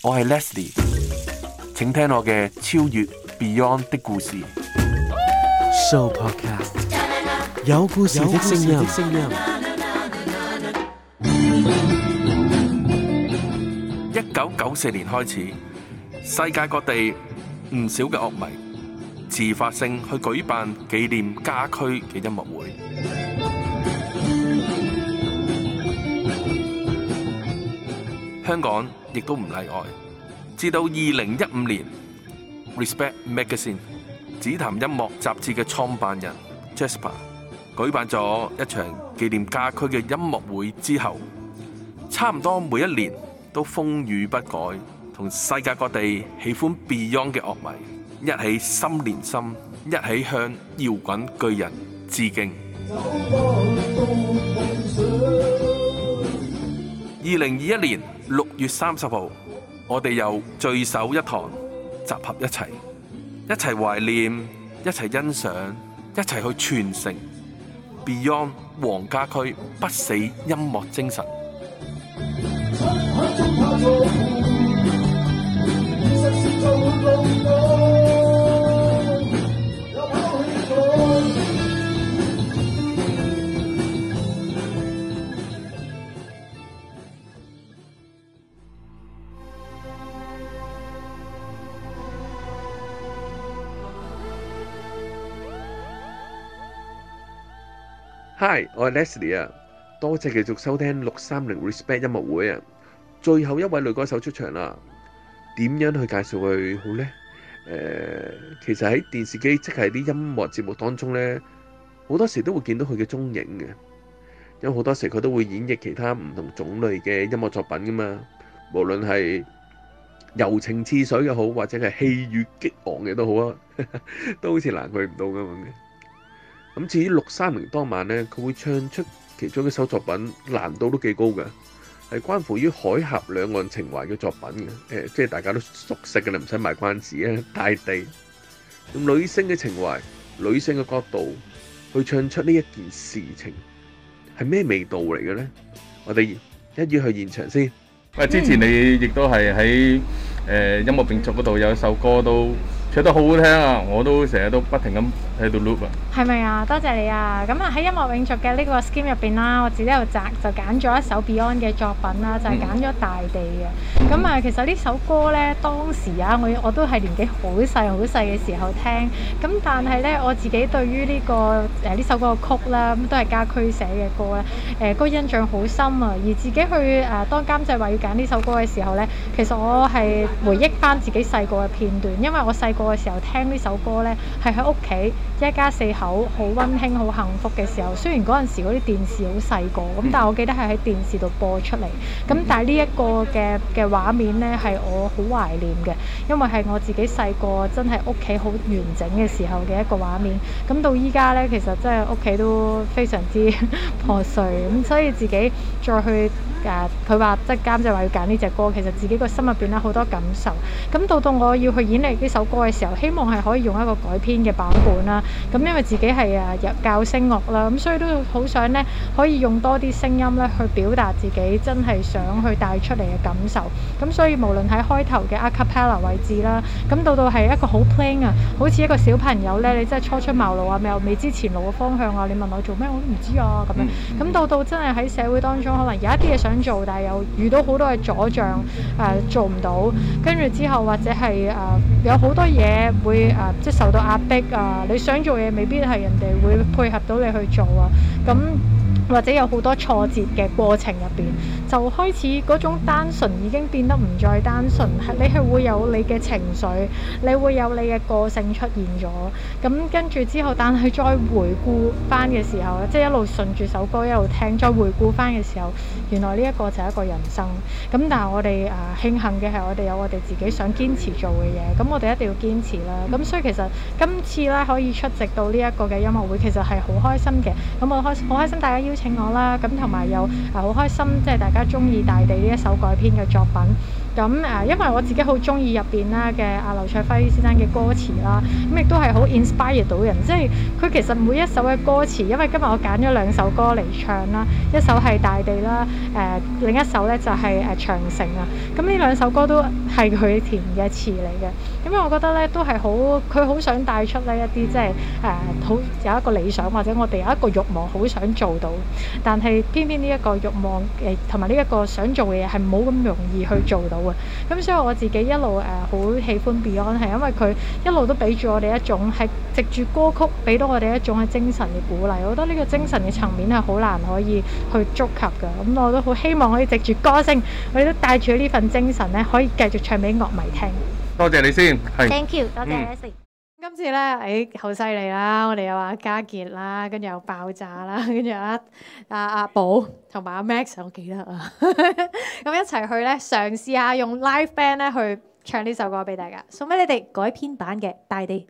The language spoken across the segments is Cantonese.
我係 Leslie，請聽我嘅超越 Beyond 的故事。Show Podcast 有故事的聲音。一九九四年開始，世界各地唔少嘅樂迷自發性去舉辦紀念家駒嘅音樂會。香港。亦都唔例外。至到二零一五年，Respect Magazine《紫檀音樂》雜誌嘅創辦人 Jasper 舉辦咗一場紀念家駒嘅音樂會之後，差唔多每一年都風雨不改，同世界各地喜歡 Beyond 嘅樂迷一起心連心，一起向搖滾巨人致敬。二零二一年六月三十號，我哋又聚首一堂，集合一齊，一齊懷念，一齊欣賞，一齊去傳承 Beyond 黃家駒不死音樂精神。 Hi，我係 Leslie 啊，多謝繼續收聽六三零 Respect 音樂會啊，最後一位女歌手出場啦，點樣去介紹佢好呢？誒，其實喺電視機即係啲音樂節目當中呢，好多時都會見到佢嘅蹤影嘅，因為好多時佢都會演繹其他唔同種類嘅音樂作品噶嘛，無論係柔情似水又好，或者係氣宇激昂嘅都好啊，都好似難佢唔到咁樣嘅。咁至於六三零當晚呢，佢會唱出其中一首作品，難度都幾高嘅，係關乎於海峽兩岸情懷嘅作品嘅，誒，即係大家都熟悉嘅啦，唔使賣關子啊！大地用女性嘅情懷、女性嘅角度去唱出呢一件事情，係咩味道嚟嘅呢？我哋一於去現場先。喂，之前你亦都係喺誒音樂民族嗰度有一首歌都。唱得好好聽啊！我都成日都不停咁喺度 loop 啊。係咪啊？多謝你啊！咁啊喺音樂永續嘅呢個 scheme 入邊啦，我自己喺度擇就揀咗一首 Beyond 嘅作品啦，啊，就係揀咗《大地》嘅，嗯。咁啊，其實呢首歌咧，當時啊，我我都係年紀好細好細嘅時候聽。咁但係咧，我自己對於呢、這個誒呢、呃、首歌嘅曲啦，咁都係家駒寫嘅歌咧，誒、呃嗰個印象好深啊！而自己去誒、啊、當監製話要揀呢首歌嘅時候咧。其實我係回憶翻自己細個嘅片段，因為我細個嘅時候聽呢首歌咧，係喺屋企。一家四口好溫馨、好幸福嘅時候，雖然嗰陣時嗰啲電視好細個，咁但係我記得係喺電視度播出嚟，咁但係呢一個嘅嘅畫面呢，係我好懷念嘅，因為係我自己細個真係屋企好完整嘅時候嘅一個畫面。咁到依家呢，其實真係屋企都非常之破碎，咁所以自己再去誒，佢話即係監製話要揀呢隻歌，其實自己個心入邊咧好多感受。咁到到我要去演繹呢首歌嘅時候，希望係可以用一個改編嘅版本啦。咁因為自己係啊入教聲樂啦，咁所以都好想咧可以用多啲聲音咧去表達自己真係想去帶出嚟嘅感受。咁所以無論喺開頭嘅 a cappella 位置啦，咁到到係一個好 plain 啊，好似一個小朋友咧，你真係初出茅廬啊，未未知前路嘅方向啊，你問我做咩，我都唔知啊咁樣。咁到到真係喺社會當中，可能有一啲嘢想做，但係又遇到好多嘅阻障，誒、呃、做唔到。跟住之後或者係誒、呃、有好多嘢會誒、呃、即係受到壓迫啊、呃，你想～做嘢未必係人哋會配合到你去做啊，咁或者有好多挫折嘅過程入邊。就開始嗰種單純已經變得唔再單純，你係會有你嘅情緒，你會有你嘅個性出現咗。咁跟住之後，但係再回顧翻嘅時候，即係一路順住首歌一路聽，再回顧翻嘅時候，原來呢一個就係一個人生。咁但係我哋啊，慶幸嘅係我哋有我哋自己想堅持做嘅嘢，咁我哋一定要堅持啦。咁所以其實今次咧可以出席到呢一個嘅音樂會，其實係好開心嘅。咁我開好開心大家邀請我啦，咁同埋又啊好開心，即係大家。而家中意大地呢一首改編嘅作品。咁誒，因為我自己好中意入邊啦嘅阿劉卓輝先生嘅歌詞啦，咁亦都係好 inspire 到人，即係佢其實每一首嘅歌詞，因為今日我揀咗兩首歌嚟唱啦，一首係《大地》啦、呃，誒另一首咧就係誒《長城》啊、嗯，咁呢兩首歌都係佢填嘅詞嚟嘅，咁我覺得咧都係好，佢好想帶出呢一啲即係誒好有一個理想或者我哋有一個慾望好想做到，但係偏偏呢一個慾望誒同埋呢一個想做嘅嘢係冇咁容易去做到。咁、嗯、所以我自己一路誒好、啊、喜歡 Beyond，係因為佢一路都俾住我哋一種係藉住歌曲俾到我哋一種係精神嘅鼓勵。我覺得呢個精神嘅層面係好難可以去觸及嘅。咁、嗯、我都好希望可以藉住歌聲，我哋都帶住呢份精神咧，可以繼續唱俾樂迷聽。多謝你先，係。Thank you，多謝，okay。今次咧，誒，好犀利啦！我哋又話嘉杰啦，跟住又爆炸啦，跟住阿阿阿寶同埋阿 Max，我記得啊，咁一齊去咧嘗試下用 live band 咧去唱呢首歌俾大家，送俾你哋改編版嘅《大地》。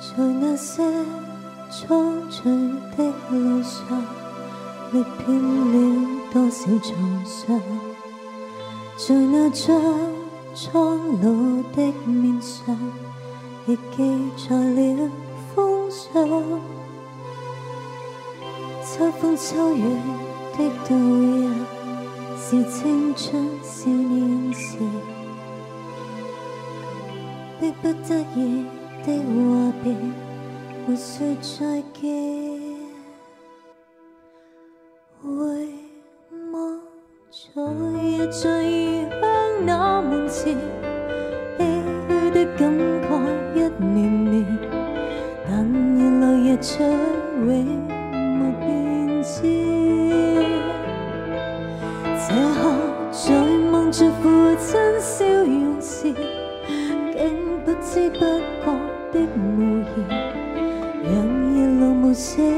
在那些蒼翠的路上。歷遍了多少創傷，在那張蒼老的面上，亦記載了風霜。秋風秋雨的度日，是青春少年時，迫不得已的話別，沒說再見。永沒變遷，這刻在望著父親笑容時，竟不知不覺的無言，讓熱淚無聲。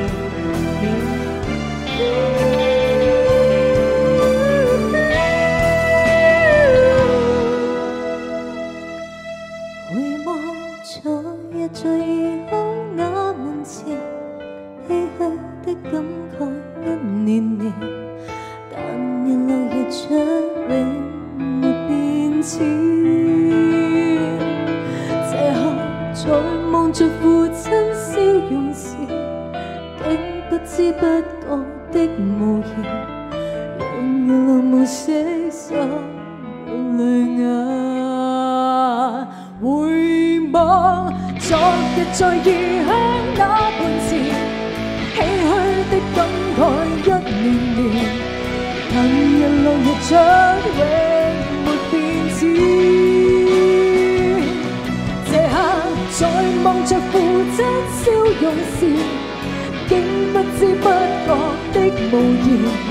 心上淚眼，回望昨日在異鄉那半生，唏噓的感慨一年年，但日落日出永沒變遷。這刻在望着父親笑容時，竟不知不覺的無言。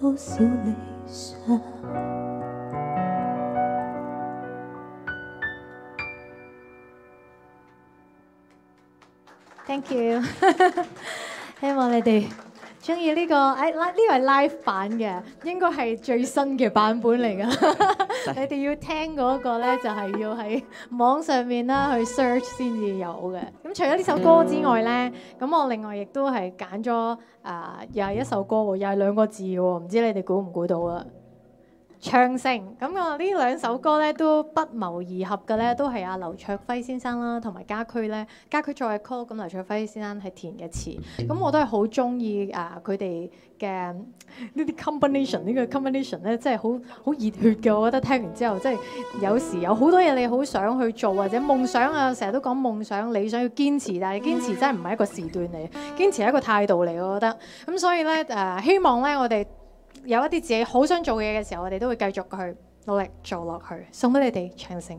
多少理想 Thank you，希望你哋。中意呢個誒呢？呢、哎、個係 live 版嘅，應該係最新嘅版本嚟㗎。 你哋要聽嗰個咧，就係、係、要喺網上面啦去 search 先至有嘅。咁除咗呢首歌之外咧，咁我另外亦都係揀咗啊又係一首歌喎，又係兩個字喎，唔知你哋估唔估到啊？唱聲，咁我呢兩首歌咧都不謀而合嘅咧，都係阿、啊、劉卓輝先生啦，同埋家駒咧，家駒作嘅曲，咁劉卓輝先生係填嘅詞。咁、嗯、我都係好中意誒佢哋嘅呢啲 combination，呢個 combination 咧，即係好好熱血嘅。我覺得聽完之後，即係有時有好多嘢你好想去做，或者夢想啊，成日都講夢想，你想要堅持，但係堅持真係唔係一個時段嚟，堅持係一個態度嚟。我覺得咁所以咧誒、呃，希望咧我哋，有一啲自己好想做嘅嘢嘅時候，我哋都會繼續去努力做落去，送俾你哋掌聲。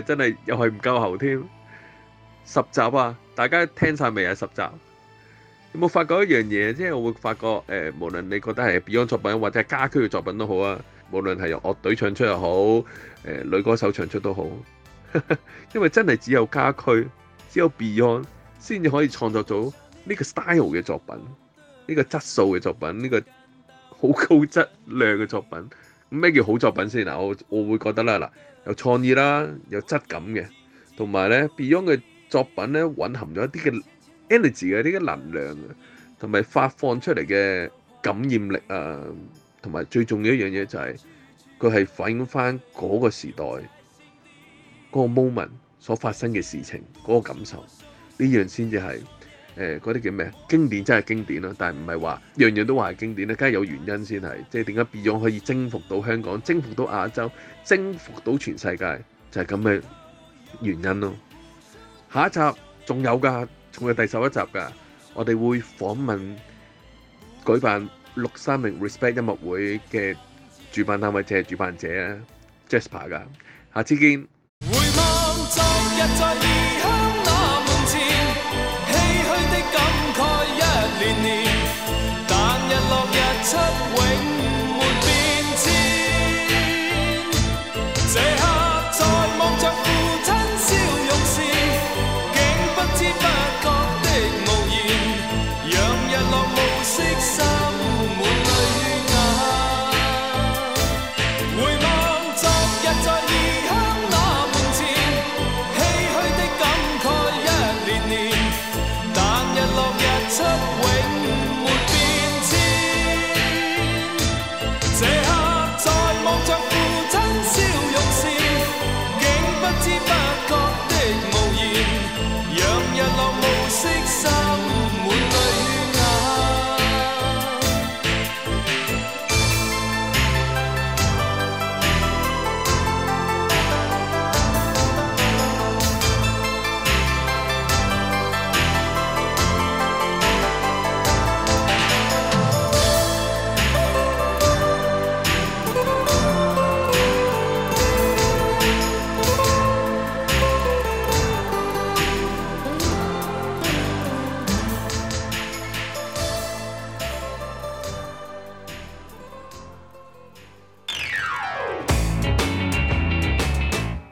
真係又係唔夠喉添，十集啊！大家聽晒未啊？十集有冇發覺一樣嘢？即係我會發覺誒，無論你覺得係 Beyond 作品或者家駒嘅作品都好啊，無論係由樂隊唱出又好，誒、呃、女歌手唱出都好， 因為真係只有家駒，只有 Beyond 先至可以創作到呢個 style 嘅作品，呢、呢個質素嘅作品，呢、呢個好高質量嘅作品。咩叫好作品先嗱？我我會覺得啦嗱。有創意啦，有質感嘅，同埋咧 Beyond 嘅作品咧，混含咗一啲嘅 energy 嘅呢個能量，同埋發放出嚟嘅感染力啊，同埋最重要一樣嘢就係佢係反映翻嗰個時代嗰個 moment 所發生嘅事情嗰個感受，呢樣先至係。誒嗰啲叫咩？經典真係經典咯，但係唔係話樣樣都話係經典咧，梗係有原因先係，即係點解 Beyond 可以征服到香港、征服到亞洲、征服到全世界，就係咁嘅原因咯。下一集仲有㗎，仲有第十一集㗎，我哋會訪問舉辦六三零 Respect 音樂會嘅主辦單位，即係主辦者 Jasper 㗎，下次見。